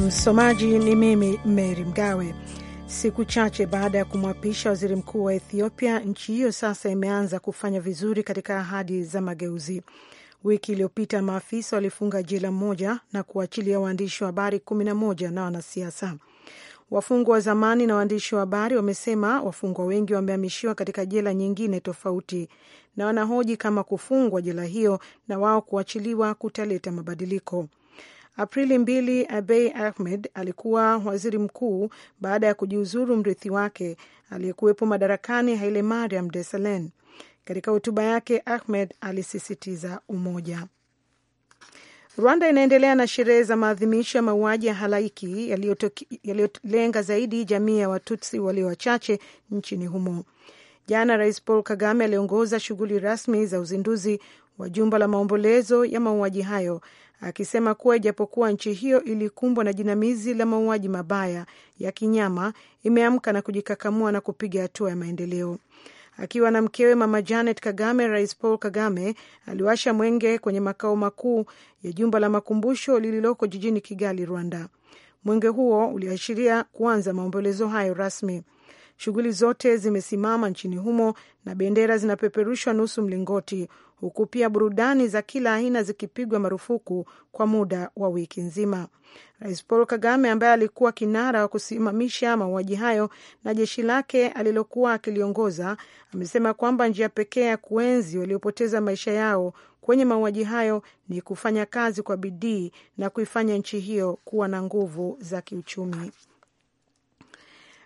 Msomaji ni mimi Meri Mgawe. Siku chache baada ya kumwapisha waziri mkuu wa Ethiopia, nchi hiyo sasa imeanza kufanya vizuri katika ahadi za mageuzi. Wiki iliyopita maafisa walifunga jela moja na kuachilia waandishi wa habari kumi na moja na wanasiasa. Wafungwa wa zamani na waandishi wa habari wamesema wafungwa wengi wamehamishiwa katika jela nyingine tofauti, na wanahoji kama kufungwa jela hiyo na wao kuachiliwa kutaleta mabadiliko. Aprili mbili, Abei Ahmed alikuwa waziri mkuu baada ya kujiuzuru mrithi wake aliyekuwepo madarakani Haile Mariam Desalegn. Katika hotuba yake, Ahmed alisisitiza umoja. Rwanda inaendelea na sherehe za maadhimisho ya mauaji ya halaiki yaliyolenga zaidi jamii ya Watutsi walio wachache nchini humo. Jana Rais Paul Kagame aliongoza shughuli rasmi za uzinduzi wa jumba la maombolezo ya mauaji hayo akisema kuwa ijapokuwa nchi hiyo ilikumbwa na jinamizi la mauaji mabaya ya kinyama, imeamka na kujikakamua na kupiga hatua ya maendeleo. Akiwa na mkewe Mama Janet Kagame, Rais Paul Kagame aliwasha mwenge kwenye makao makuu ya jumba la makumbusho lililoko jijini Kigali, Rwanda. Mwenge huo uliashiria kuanza maombolezo hayo rasmi. Shughuli zote zimesimama nchini humo na bendera zinapeperushwa nusu mlingoti, huku pia burudani za kila aina zikipigwa marufuku kwa muda wa wiki nzima. Rais Paul Kagame ambaye alikuwa kinara wa kusimamisha mauaji hayo na jeshi lake alilokuwa akiliongoza amesema kwamba njia pekee ya kuenzi waliopoteza maisha yao kwenye mauaji hayo ni kufanya kazi kwa bidii na kuifanya nchi hiyo kuwa na nguvu za kiuchumi.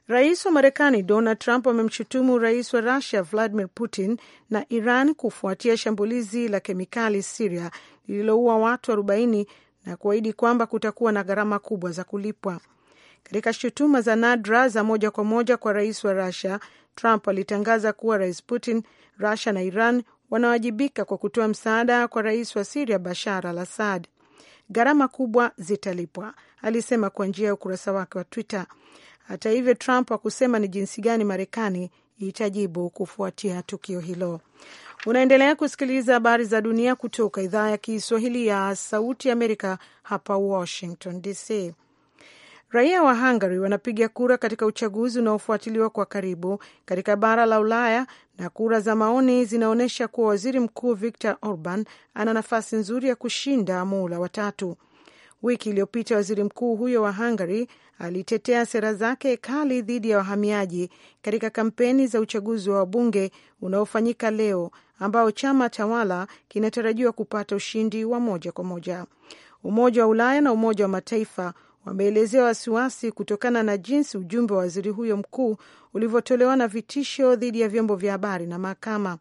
Rais wa Marekani Donald Trump amemshutumu rais wa Rusia Vladimir Putin na Iran kufuatia shambulizi la kemikali Siria lililoua watu 40 na kuahidi kwamba kutakuwa na gharama kubwa za kulipwa. Katika shutuma za nadra za moja kwa moja kwa rais wa Rusia, Trump alitangaza kuwa rais Putin, Rusia na Iran wanawajibika kwa kutoa msaada kwa rais wa Siria Bashar al Assad. Gharama kubwa zitalipwa, alisema kwa njia ya ukurasa wake wa Twitter. Hata hivyo, Trump hakusema ni jinsi gani Marekani itajibu kufuatia tukio hilo. Unaendelea kusikiliza habari za dunia kutoka idhaa ya Kiswahili ya Sauti Amerika, hapa Washington DC. Raia wa Hungary wanapiga kura katika uchaguzi unaofuatiliwa kwa karibu katika bara la Ulaya, na kura za maoni zinaonyesha kuwa waziri mkuu Viktor Orban ana nafasi nzuri ya kushinda muhula watatu. Wiki iliyopita waziri mkuu huyo wa Hungary alitetea sera zake kali dhidi ya wahamiaji katika kampeni za uchaguzi wa wabunge unaofanyika leo, ambao chama tawala kinatarajiwa kupata ushindi wa moja kwa moja. Umoja wa Ulaya na Umoja wa Mataifa wameelezea wasiwasi kutokana na jinsi ujumbe wa waziri huyo mkuu ulivyotolewa na vitisho dhidi ya vyombo vya habari na mahakama.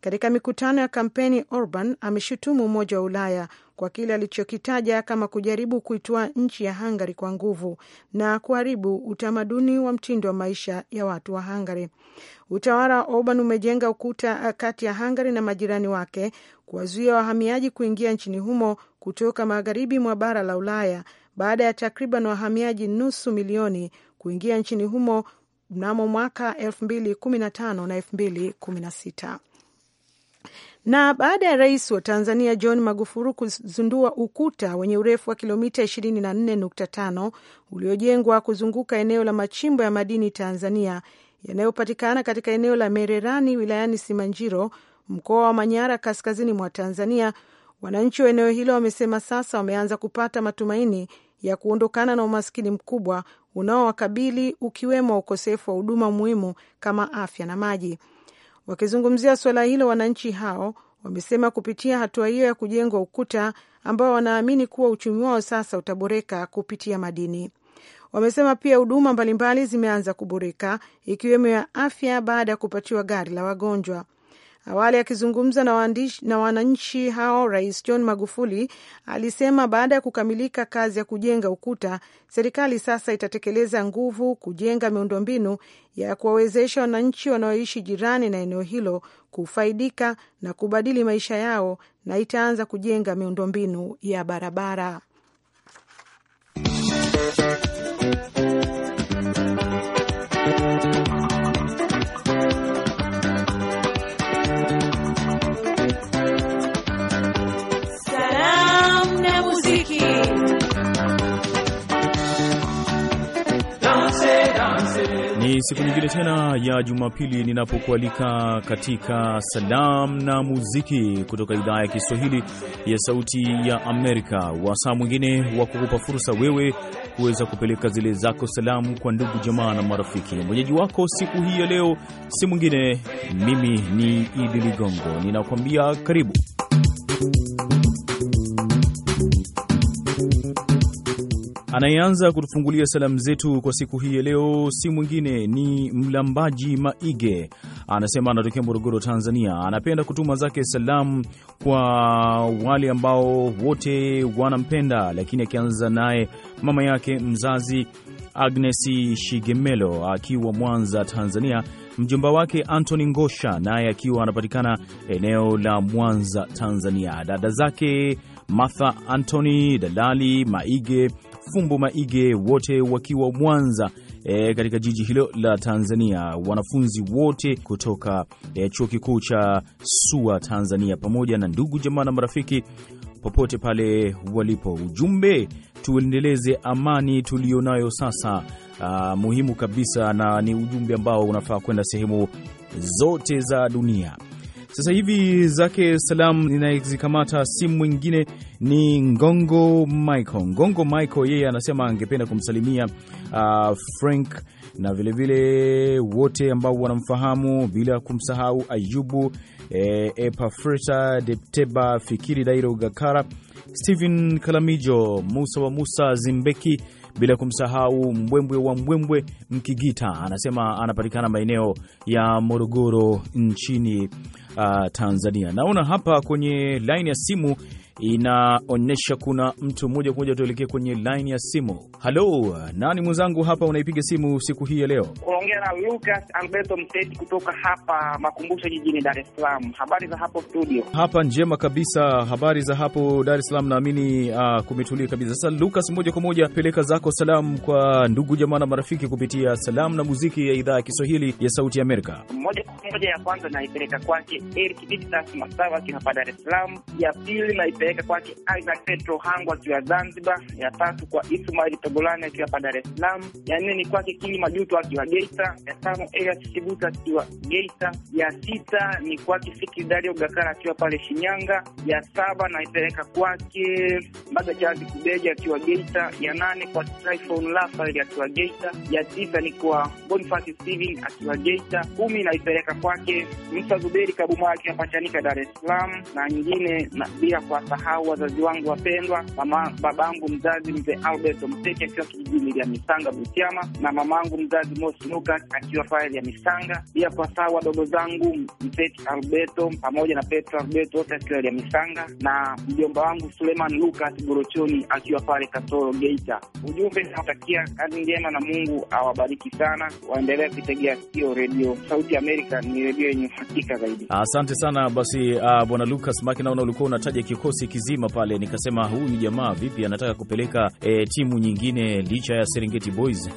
Katika mikutano ya kampeni, Orban ameshutumu Umoja wa Ulaya kwa kile alichokitaja kama kujaribu kuitoa nchi ya Hungary kwa nguvu na kuharibu utamaduni wa mtindo wa maisha ya watu wa Hungary. Utawala wa Orban umejenga ukuta kati ya Hungary na majirani wake kuwazuia wahamiaji kuingia nchini humo kutoka magharibi mwa bara la Ulaya baada ya takriban wahamiaji nusu milioni kuingia nchini humo mnamo mwaka 2015 na 2016. Na baada ya rais wa Tanzania John Magufuli kuzindua ukuta wenye urefu wa kilomita 24.5 uliojengwa kuzunguka eneo la machimbo ya madini Tanzania yanayopatikana katika eneo la Mererani wilayani Simanjiro, mkoa wa Manyara, kaskazini mwa Tanzania, wananchi wa eneo hilo wamesema sasa wameanza kupata matumaini ya kuondokana na umaskini mkubwa unaowakabili ukiwemo ukosefu wa huduma muhimu kama afya na maji. Wakizungumzia suala hilo, wananchi hao wamesema kupitia hatua hiyo ya kujengwa ukuta ambao wanaamini kuwa uchumi wao sasa utaboreka kupitia madini. Wamesema pia huduma mbalimbali zimeanza kuboreka ikiwemo ya afya baada ya kupatiwa gari la wagonjwa. Awali akizungumza na na wananchi hao, Rais John Magufuli alisema baada ya kukamilika kazi ya kujenga ukuta, serikali sasa itatekeleza nguvu kujenga miundombinu ya kuwawezesha wananchi wanaoishi jirani na eneo hilo kufaidika na kubadili maisha yao na itaanza kujenga miundombinu ya barabara. siku nyingine tena ya Jumapili ninapokualika katika salam na muziki kutoka idhaa ya Kiswahili ya Sauti ya Amerika, wasaa mwingine wa kukupa fursa wewe kuweza kupeleka zile zako salamu kwa ndugu jamaa na marafiki. Mwenyeji wako siku hii ya leo si mwingine, mimi ni Idi Ligongo, ninakuambia karibu. Anayeanza kutufungulia salamu zetu kwa siku hii ya leo si mwingine ni Mlambaji Maige, anasema anatokea Morogoro, Tanzania. Anapenda kutuma zake salamu kwa wale ambao wote wanampenda, lakini akianza naye mama yake mzazi Agnes Shigemelo akiwa Mwanza, Tanzania, mjomba wake Anthony Ngosha naye akiwa anapatikana eneo la Mwanza, Tanzania, dada zake Martha Anthony, Dalali Maige Fumbo Maige, wote wakiwa Mwanza e, katika jiji hilo la Tanzania, wanafunzi wote kutoka e, chuo kikuu cha SUA Tanzania, pamoja na ndugu jamaa na marafiki popote pale walipo. Ujumbe, tuendeleze amani tuliyonayo sasa. Uh, muhimu kabisa na ni ujumbe ambao unafaa kwenda sehemu zote za dunia. Sasa hivi zake salam ninayezikamata simu mwingine ni Ngongo Michael. Ngongo Michael yeye anasema angependa kumsalimia uh, Frank na vilevile vile wote ambao wanamfahamu bila kumsahau Ayubu, eh, Epafreta Depteba, Fikiri Dairo Gakara Stephen Kalamijo, Musa wa Musa Zimbeki, bila kumsahau mbwembwe wa mbwembwe Mkigita. Anasema anapatikana maeneo ya Morogoro nchini uh, Tanzania. Naona hapa kwenye laini ya simu inaonyesha kuna mtu moja kwa moja. Tuelekee kwenye line ya simu. Halo, nani mwenzangu hapa unaipiga simu siku hii ya leo? Unaongea na Lucas Alberto Mteti kutoka hapa Makumbusho jijini Dar es Salaam. Habari za hapo studio? Hapa njema kabisa, habari za hapo Dar es Salaam. Naamini uh, kumetulia kabisa. Sasa Lucas, moja kwa moja peleka zako salamu kwa ndugu jamaa na marafiki kupitia salamu na muziki ya idhaa ya Kiswahili ya Sauti ya Amerika. Moja kwa moja, ya kwanza naipeleka kwake Eric Bitas Masawa kina pa Dar es Salaam. Ya pili na kupeleka kwake Isaac Petro Hangu akiwa Zanzibar, ya tatu kwa Ismail Togolani akiwa pa Dar es Salaam, ya nne ni kwake Kili Majuto akiwa Geita, ya tano Elias Kibuta akiwa Geita, ya sita ni kwake Fikri Dario Gakara akiwa pale Shinyanga, ya saba naipeleka kwake Mbaga Jazi Kubeja akiwa Geita, ya nane kwa Tryphon Raphael akiwa Geita, ya tisa ni kwa Boniface Steven akiwa Geita, kumi naipeleka kwake Musa Zuberi Kabuma akiwa Pachanika Dar es Salaam, na nyingine na bila kwa kuwasahau wazazi wangu wapendwa, mama babangu mzazi mzee Albert Omteke akiwa kijijini ya Misanga Butiama, na mamangu mzazi Mosi Lucas akiwa pale ya Misanga, pia kuwasahau wadogo zangu mzee Alberto pamoja na Petro Alberto wote akiwa ya Misanga, na mjomba wangu Suleiman Lukas Gorochoni akiwa pale Katoro Geita. Ujumbe nawatakia kazi njema na Mungu awabariki sana, waendelee kuitegea sikio redio Sauti Amerika, ni redio yenye uhakika zaidi. Asante sana basi, uh, bwana Lukas Makina, Makinaona, ulikuwa unataja kikosi kikosi kizima pale, nikasema huyu jamaa vipi anataka kupeleka e, timu nyingine licha ya Serengeti Boys.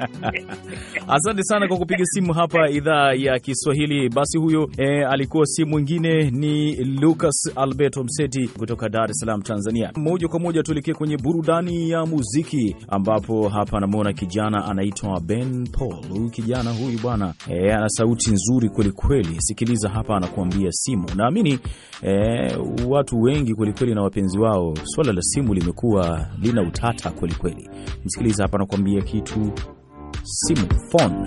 Asante sana kwa kupiga simu hapa idhaa ya Kiswahili. Basi huyo e, alikuwa si mwingine ni Lucas Alberto Mseti kutoka Dar es Salaam, Tanzania. Moja kwa moja tuelekee kwenye burudani ya muziki, ambapo hapa anamwona kijana anaitwa Ben Paul. Huyu kijana huyu bwana e, ana sauti nzuri kwelikweli. Sikiliza hapa anakuambia simu, naamini e, watu wengi kwelikweli na wapenzi wao, swala la simu limekuwa lina utata kwelikweli. Msikiliza hapa, nakuambia kitu simu phone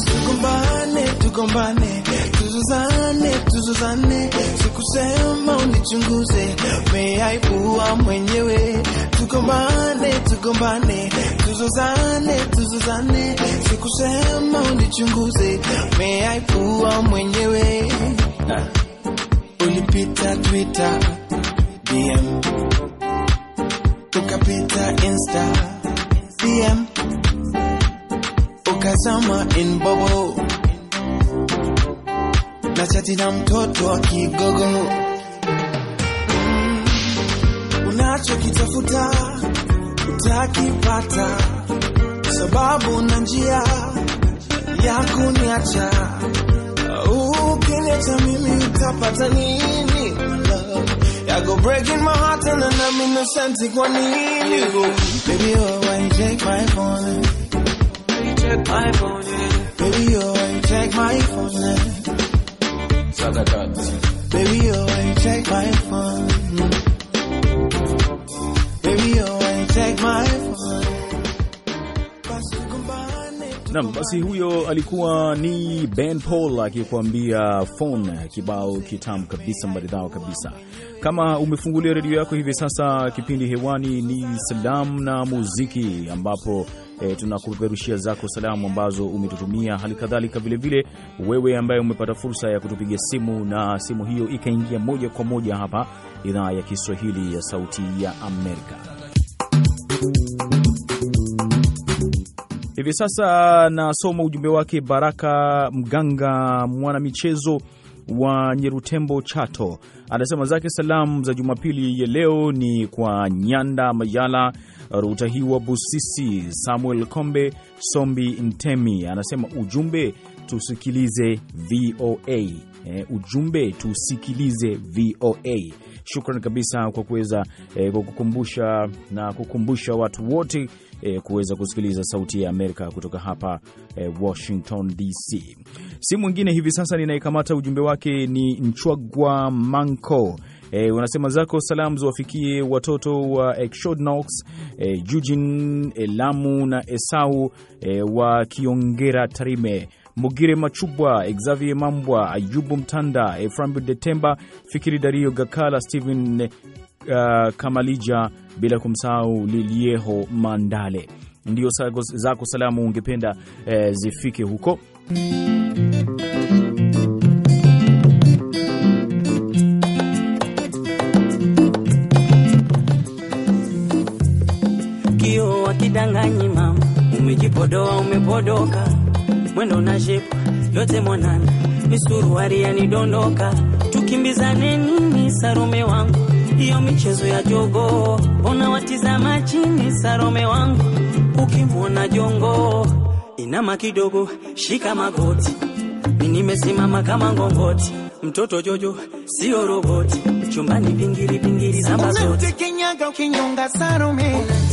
basi tugombane, tugombane, tuzuzane, tuzuzane, sikusema unichunguze, umeaibua mwenyewe. Tugombane, tugombane, tuzuzane, tuzuzane, sikusema unichunguze, umeaibua mwenyewe. Ulipita Twitter, DM, tukapita Insta, DM cause I'm a in bubble. Na chati na mtoto akigogo, mm. unachokitafuta utakipata, sababu na njia ya kuniacha. Ukiniacha mimi utapata nini? I go breaking my heart and then I'm innocent. Kwa nini? Baby, oh, why you take my phone? check my phone, yeah. Baby, yo, check my phone, yeah. Baby, yo, check my phone, eh. Baby, yo, check my phone. Nam, basi huyo alikuwa ni Ben Paul akikuambia phone, eh, kibao kitamu kabisa, maridhawa kabisa. Kama umefungulia redio yako hivi sasa, kipindi hewani ni salamu na muziki, ambapo e, tunakupeperushia zako salamu ambazo umetutumia. Hali kadhalika vilevile, wewe ambaye umepata fursa ya kutupiga simu na simu hiyo ikaingia moja kwa moja hapa idhaa ya Kiswahili ya Sauti ya Amerika. Hivi sasa nasoma ujumbe wake Baraka Mganga, mwanamichezo wa Nyerutembo, Chato. Anasema zake salamu za Jumapili ya leo ni kwa Nyanda Mayala Rutahiwa Busisi, Samuel Kombe, Sombi Ntemi anasema ujumbe tusikilize VOA. E, eh, ujumbe tusikilize VOA. Shukran kabisa kwa kuweza e, kwa kukumbusha na kukumbusha watu wote e, kuweza kusikiliza Sauti ya Amerika kutoka hapa e, Washington DC. Si mwingine hivi sasa ninayekamata ujumbe wake ni Nchwagwa Manko E, unasema zako salamu ziwafikie watoto wa Exodnox, e, Eugene, Elamu eh, na Esau e, wa Kiongera Tarime Mugire Machubwa, Xavier Mambwa, Ayubu Mtanda, Eframbi Detemba, Fikiri Dario Gakala, Steven uh, Kamalija, bila kumsahau Lilieho Mandale. Ndio zako salamu ungependa eh, zifike huko kio wakidanganyi mama, umejipodoa umepodoka, mwendo na shepu yote mwanana, misuruari yanidondoka, tukimbizane nini Sarome wangu, hiyo michezo ya jogoo, ona watizama chini Sarome wangu, ukimwona jongo inama kidogo, shika magoti, nimesimama kama ngongoti, mtoto Jojo sio roboti, chumbani vingiri vingiri, samba zote ukinyonga Sarome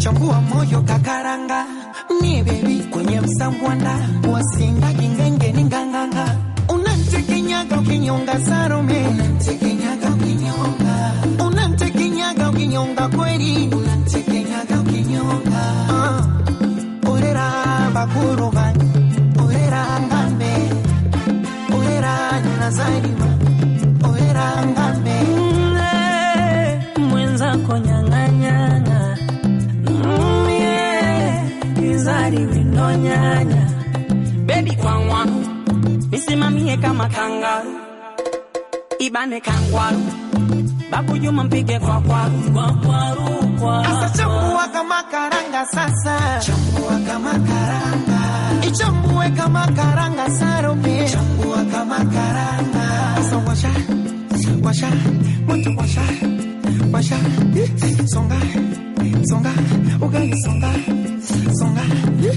chukua moyo kakaranga, me baby kwenye msangwanda nyanya bebi kwa nisimamie kama kangaru ibane kangwaru babu Juma mpige kwa kwaru kwa kwaru kwa sasa chambua kama karanga sasa chambua kama karanga ichambue kama karanga sarope chambua kama karanga sasa washa washa moto washa washa songa songa ukasonga songa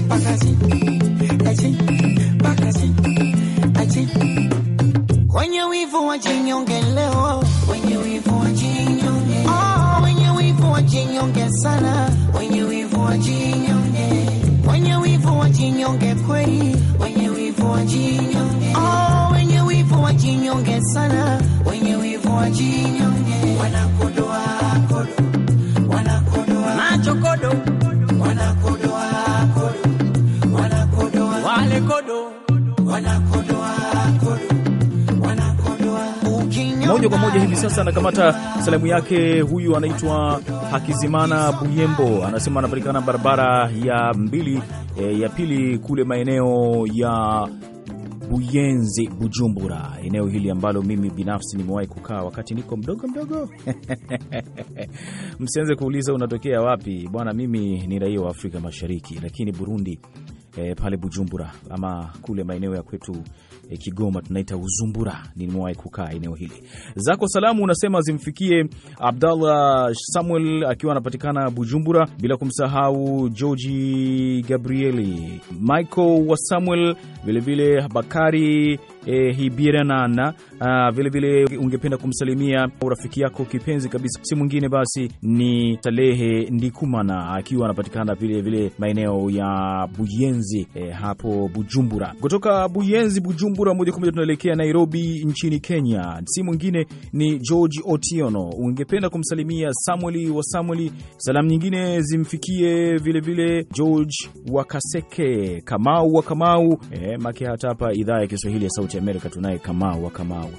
pakasi achi pakasi achi wenye wivu wajinyonge leo wenye wivu wajinyonge oh, wenye wivu wajinyonge sana wenye wivu wajinyonge wenye wivu wajinyonge kweli wenye wivu wajinyonge oh, wenye wivu wajinyonge sana wenye wivu wajinyonge wanakodoa kodoa moja kwa moja hivi sasa anakamata salamu yake. Huyu anaitwa Hakizimana Buyembo, anasema anapatikana barabara ya mbili e, ya pili kule maeneo ya Buyenzi, Bujumbura, eneo hili ambalo mimi binafsi nimewahi kukaa wakati niko mdogo mdogo. Msianze kuuliza unatokea wapi bwana, mimi ni raia wa Afrika Mashariki, lakini Burundi e, pale Bujumbura ama kule maeneo ya kwetu e, Kigoma tunaita Uzumbura. Nimewahi kukaa eneo hili. Zako salamu unasema zimfikie Abdallah Samuel akiwa anapatikana Bujumbura, bila kumsahau Georgi Gabrieli, Michael wa Samuel, vilevile Bakari e, eh, Hibiranana. Ah, vilevile ungependa kumsalimia rafiki yako kipenzi kabisa, si mwingine basi ni Salehe Ndikumana akiwa anapatikana vilevile maeneo ya Buyenzi e, hapo Bujumbura. Kutoka Buyenzi Bujumbura moja kwa moja tunaelekea Nairobi nchini Kenya, si mwingine ni George Otiono. Ungependa kumsalimia Samueli wa Samueli. Salamu nyingine zimfikie vilevile vile George Kaseke, Kamau wa Kamau e, make hata hapa idhaa ya Kiswahili ya Sauti Sauti Amerika tunaye Kamau wa Kamau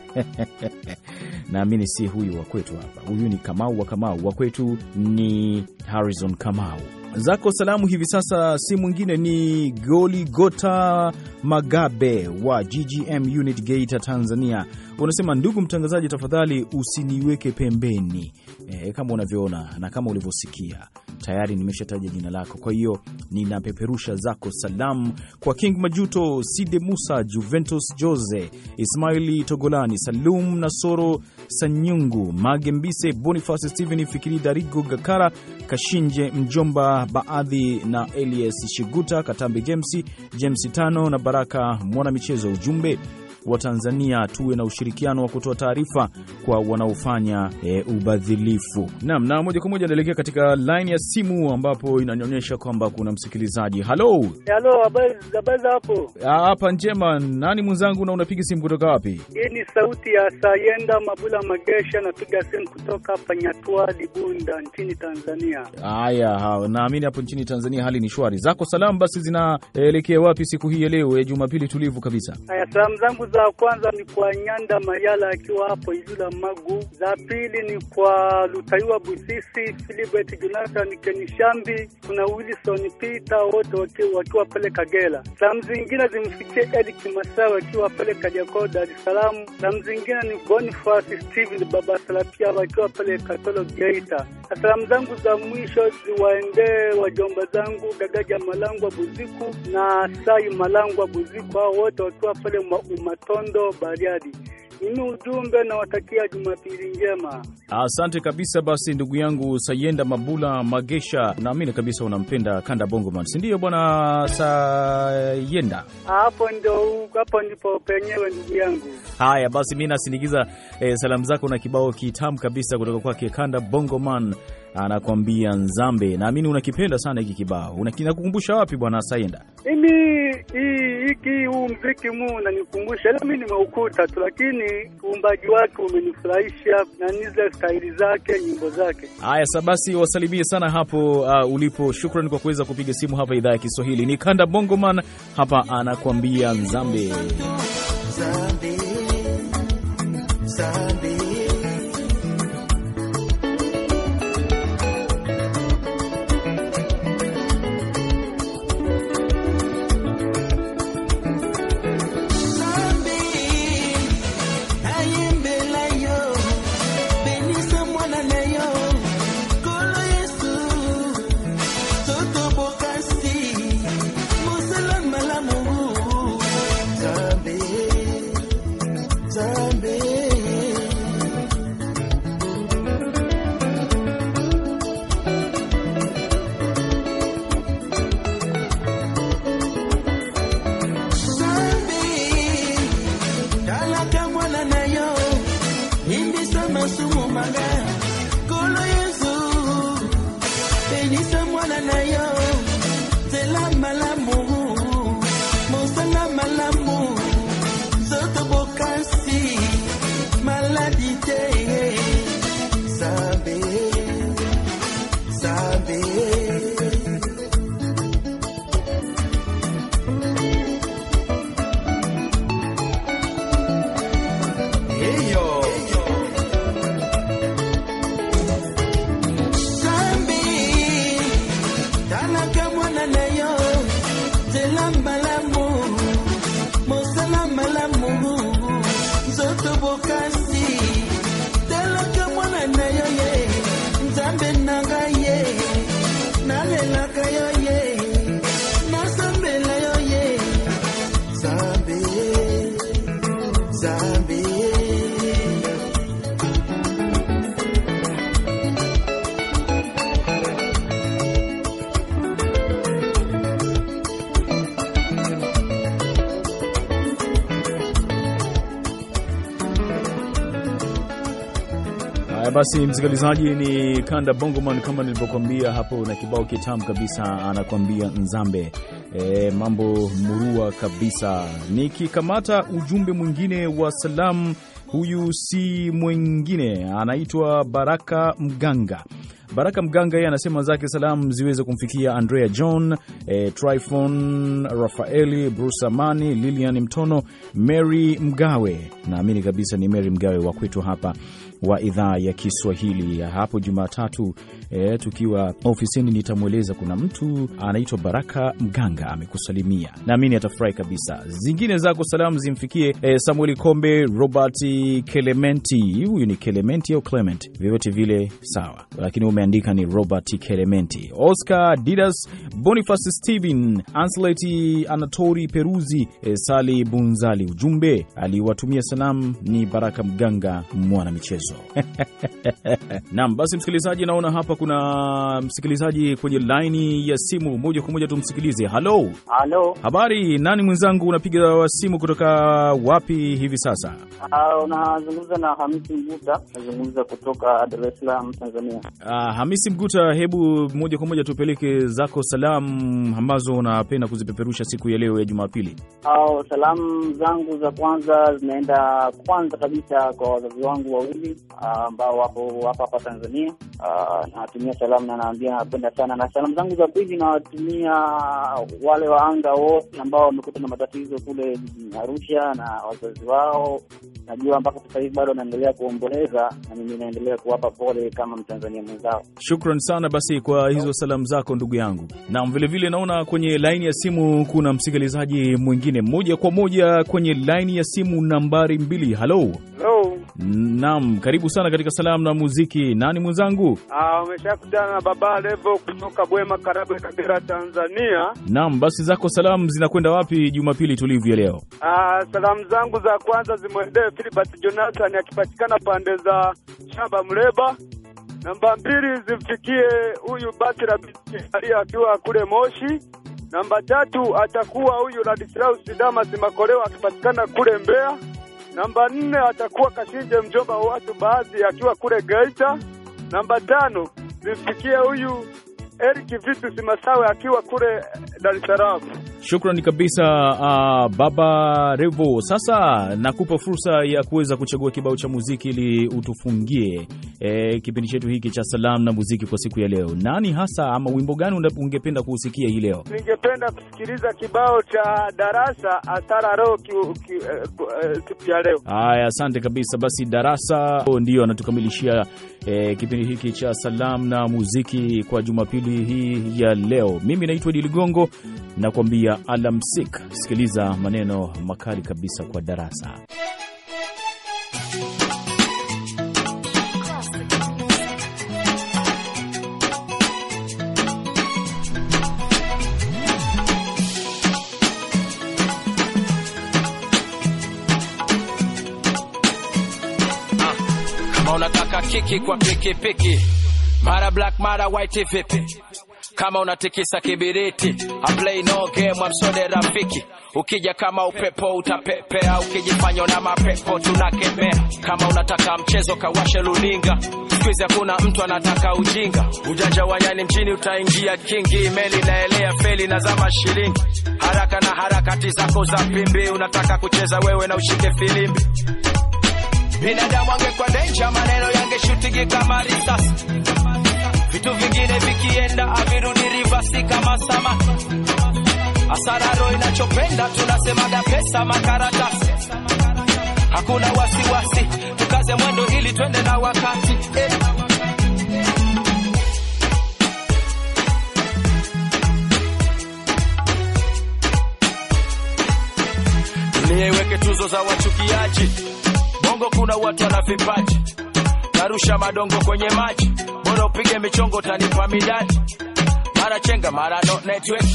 naamini si huyu wa kwetu hapa, huyu ni Kamau wa Kamau, wa kwetu ni Harrison Kamau. Zako salamu hivi sasa si mwingine ni Goligota Magabe wa GGM Unit Gate, Tanzania. Unasema, ndugu mtangazaji, tafadhali usiniweke pembeni E, kama unavyoona na kama ulivyosikia tayari nimeshataja jina lako, kwa hiyo ninapeperusha zako salamu kwa King Majuto, Side Musa, Juventus Jose, Ismaili Togolani, Salum Nasoro, Sanyungu Magembise, Boniface Steven, Fikiri Darigo, Gakara Kashinje, Mjomba Baadhi na Elias Shiguta, katambi James, James Tano na Baraka Mwana Michezo. Ujumbe Watanzania tuwe na ushirikiano wa kutoa taarifa kwa wanaofanya e, ubadhilifu. Naam, na moja kwa moja naelekea katika line ya simu ambapo inanionyesha kwamba kuna msikilizaji. Halo, halo, habari za hapo? Hapa njema. Nani mwenzangu, na unapiga simu kutoka wapi? Hii ni sauti ya Sayenda Mabula Magesha, napiga simu kutoka hapa Nyatwa Libunda nchini Tanzania. Haya, naamini hapo nchini Tanzania hali ni shwari. Zako salamu basi zinaelekea wapi siku hii ya leo ya e, Jumapili tulivu kabisa? Haya, salamu zangu za kwanza ni kwa Nyanda Mayala akiwa hapo Ijula Magu. Za pili ni kwa Lutaiwa Busisi, Filibert Jonathan Kenishambi, kuna Wilson Peter, wote wakiwa pale Kagera. Salamu zingine zimfikie Elik Masawe akiwa pale Kajako, Dar es Salaam. Salamu zingine ni Boniface Steven Baba Salapia wakiwa pale Katolo Geita. Salamu zangu za mwisho ziwaendee wajomba zangu Gagaja Malangwa Buziku na Sai Malangwa Buziku, hao wote wakiwa pale Umatini Kondo, Bariadi. Mimi ujumbe nawatakia Jumapili njema. Asante kabisa. Basi ndugu yangu Sayenda Mabula Magesha, naamini kabisa unampenda Kanda Bongoman, si ndio bwana Sayenda? Hapo ndio, hapo ndipo penyewe ndugu yangu. Haya basi, mi nasindikiza eh, salamu zako na kibao kitamu kabisa kutoka kwake Kanda Bongoman anakwambia Nzambe. Naamini unakipenda sana hiki kibao, unakukumbusha wapi bwana Saenda? Mimi hiki huu mziki mu unanikumbusha, ila mi nimeukuta tu, lakini uumbaji wake umenifurahisha na nize staili zake, nyimbo zake. Haya, sa basi wasalimie sana hapo uh, ulipo. Shukran kwa kuweza kupiga simu hapa idhaa ya Kiswahili. Ni Kanda Bongoman hapa anakwambia Nzambe, Nzambe, Nzambe. Haya basi, msikilizaji, ni Kanda Bongoman kama nilivyokuambia hapo, na kibao kitamu kabisa anakuambia Nzambe. E, mambo murua kabisa. Nikikamata ujumbe mwingine wa salamu, huyu si mwingine, anaitwa Baraka Mganga. Baraka Mganga yeye anasema zake salamu ziweze kumfikia Andrea John, e, Tryphon Rafaeli, Bruce Amani, Lilian Mtono, Mary Mgawe. Naamini kabisa ni Mary Mgawe wa kwetu hapa wa idhaa ya Kiswahili hapo Jumatatu e, tukiwa ofisini nitamweleza kuna mtu anaitwa Baraka Mganga amekusalimia, naamini atafurahi kabisa. Zingine zako salamu zimfikie e, Samuel Kombe, Robert Kelementi, huyu ni Kelementi au Clement, vyovyote vile sawa, lakini umeandika ni Robert Kelementi, Oscar Didas, Boniface Steven, Anseleti Anatori Peruzi, e, Sali Bunzali. Ujumbe aliwatumia salamu ni Baraka Mganga, mwana michezo. basi msikilizaji, naona hapa hapa kuna msikilizaji kwenye laini ya simu, moja kwa moja tumsikilize. Halo, halo, habari? Nani mwenzangu, unapiga wa simu kutoka wapi hivi sasa? Uh, unazungumza na Hamisi Mguta, nazungumza kutoka Dar es Salaam, Tanzania. Uh, Hamisi Mguta, hebu moja kwa moja tupeleke zako salamu ambazo unapenda kuzipeperusha siku ya leo ya Jumapili. Uh, salamu zangu za kwanza zinaenda kwanza kabisa kwa wazazi wangu wawili ah, ambao uh, wapo hapa hapa Tanzania uh, na nawatumia salamu na naambia napenda sana, na salamu zangu za pili nawatumia wale waanga wote ambao wamekuta na matatizo kule Arusha na wazazi wao. Najua mpaka sasa hivi bado wanaendelea kuomboleza, na mimi naendelea kuwapa pole kama Mtanzania mwenzao. Shukran sana basi kwa hizo salamu zako ndugu yangu. Naam, vilevile naona kwenye laini ya simu kuna msikilizaji mwingine, moja kwa moja kwenye laini ya simu nambari mbili. Halo, halo. Naam, karibu sana katika salamu na muziki. Nani mwenzangu? Ah, umeshakutana na Baba Levo kutoka Bwema Karagwe, Kagera, Tanzania. Naam, basi zako salamu zinakwenda wapi Jumapili tulivu ya leo? Ah, salamu zangu za kwanza zimwendee Philbert Jonathan akipatikana pande za Shaba Mleba. Namba mbili zimfikie huyu Batra Bisaria akiwa kule Moshi. Namba tatu atakuwa huyu Ladislaus Damas Makoleo akipatikana kule Mbeya. Namba nne atakuwa Kashinje, mjomba wa watu baadhi, akiwa kule Geita. Namba tano zimfikie huyu Eric Vitus Masawe akiwa kule Dar es Salaam. Shukrani kabisa uh, Baba Revo. Sasa nakupa fursa ya kuweza kuchagua kibao cha muziki ili utufungie e, kipindi chetu hiki cha salamu na muziki kwa siku ya leo. Nani hasa ama wimbo gani ungependa kuusikia hii leo? Ningependa kusikiliza kibao cha Darasa Asara Roho eh, eh, siku ya leo. Haya, asante kabisa. Basi Darasa oh, ndiyo anatukamilishia e, kipindi hiki cha salamu na muziki kwa Jumapili hii ya leo. Mimi naitwa Idi Ligongo na kuambia alamsik. Sikiliza maneno makali kabisa kwa darasa kiki kwa pikipiki, mara black mara white, vipi kama unatikisa kibiriti? I play no game, amsode rafiki, ukija kama upepo utapepea, ukijifanya na mapepo tunakemea. Kama unataka mchezo kawashe luninga, siku hizi hakuna mtu anataka ujinga, ujanja wa nyani mjini utaingia kingi, meli naelea feli na zama shilingi, haraka na harakati zako za pimbi, unataka kucheza wewe na ushike filimbi binadamu angekuwa denja, maneno yangeshutige kama risasi, vitu vingine vikienda avirudi rivasi kama sama asararo inachopenda tunasemaga pesa makaratasi, hakuna wasiwasi, tukaze mwendo ili twende na wakati eh. Niweke tuzo za wachukiaji Bongo kuna watu wana vipaji, narusha madongo kwenye maji, bora upige michongo utanipa midaji, mara chenga mara no network,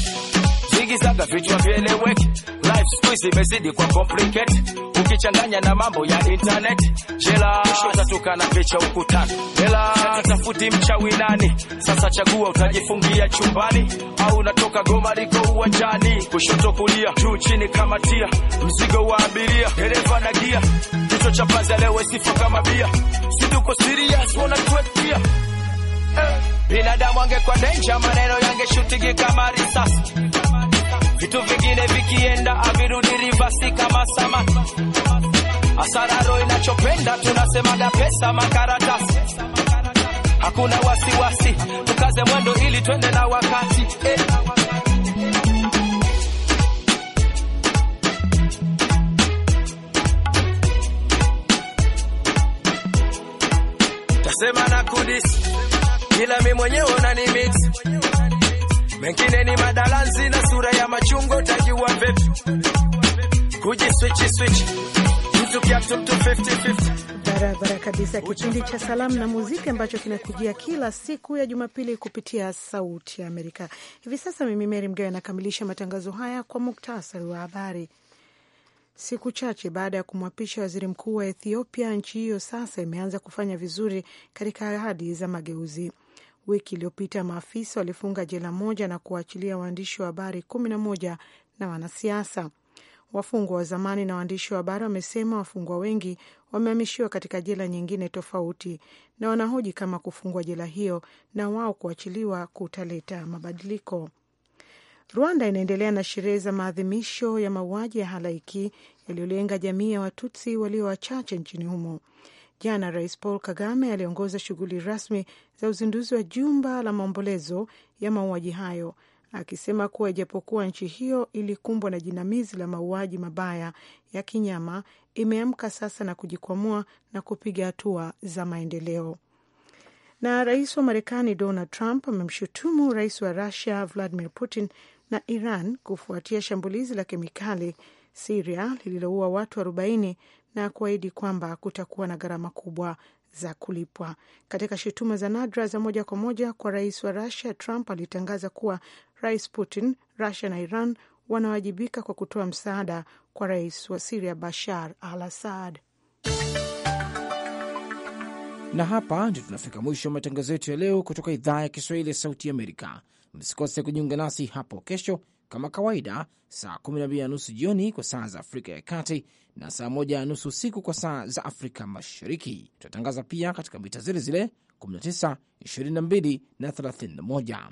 zigizaga vichwa vieleweke Life siku hizi imezidi kwa complicate, ukichanganya na mambo ya internet. Jela tatuka na picha ukutani, hela tafuti mchawi nani? Sasa chagua, utajifungia chumbani au unatoka goma liko uwanjani, kushoto kulia, juu chini, kama mzigo wa abiria, dereva na gia, kichwa cha panzi leo sifa kama bia, si tuko serious, wana quit here eh, binadamu angekuwa danger, maneno yangeshutingi kama risasi vitu vingine vikienda avirudi rivasi kama sama asararo inachopenda tunasemaga pesa makaratasi hakuna wasiwasi tukaze mwendo ili twende na wakati eh. tasema na kudisi ila mi mwenyewe unanimiti mengine kuji switch switch mtu kiatu mtu 50-50 barabara kabisa. Kipindi cha salamu na muziki ambacho kinakujia kila siku ya Jumapili kupitia Sauti ya Amerika. Hivi sasa mimi Meri Mgawe nakamilisha matangazo haya kwa muktasari wa habari. Siku chache baada ya kumwapisha waziri mkuu wa Ethiopia, nchi hiyo sasa imeanza kufanya vizuri katika ahadi za mageuzi. Wiki iliyopita maafisa walifunga jela moja na kuwaachilia waandishi wa habari kumi na moja na wanasiasa. Wafungwa wa zamani na waandishi wa habari wamesema wafungwa wengi wamehamishiwa katika jela nyingine tofauti, na wanahoji kama kufungwa jela hiyo na wao kuachiliwa kutaleta mabadiliko. Rwanda inaendelea na sherehe za maadhimisho ya mauaji ya halaiki yaliyolenga jamii ya Watutsi walio wachache nchini humo. Jana Rais Paul Kagame aliongoza shughuli rasmi za uzinduzi wa jumba la maombolezo ya mauaji hayo akisema kuwa ijapokuwa nchi hiyo ilikumbwa na jinamizi la mauaji mabaya ya kinyama, imeamka sasa na kujikwamua na kupiga hatua za maendeleo. Na rais wa Marekani Donald Trump amemshutumu rais wa Rusia Vladimir Putin na Iran kufuatia shambulizi la kemikali Siria lililoua watu 40 na kuahidi kwamba kutakuwa na gharama kubwa za kulipwa. Katika shutuma za nadra za moja kwa moja kwa rais wa Rusia, Trump alitangaza kuwa Rais Putin, Rusia na Iran wanawajibika kwa kutoa msaada kwa rais wa Siria Bashar al Assad. Na hapa ndio tunafika mwisho wa matangazo yetu ya leo kutoka idhaa ya Kiswahili ya Sauti Amerika. Msikose kujiunga nasi hapo kesho kama kawaida, saa 12 na nusu jioni kwa saa za Afrika ya Kati na saa 1 na nusu usiku kwa saa za Afrika Mashariki. Tutatangaza pia katika mita zile zile 19, 22 na 31.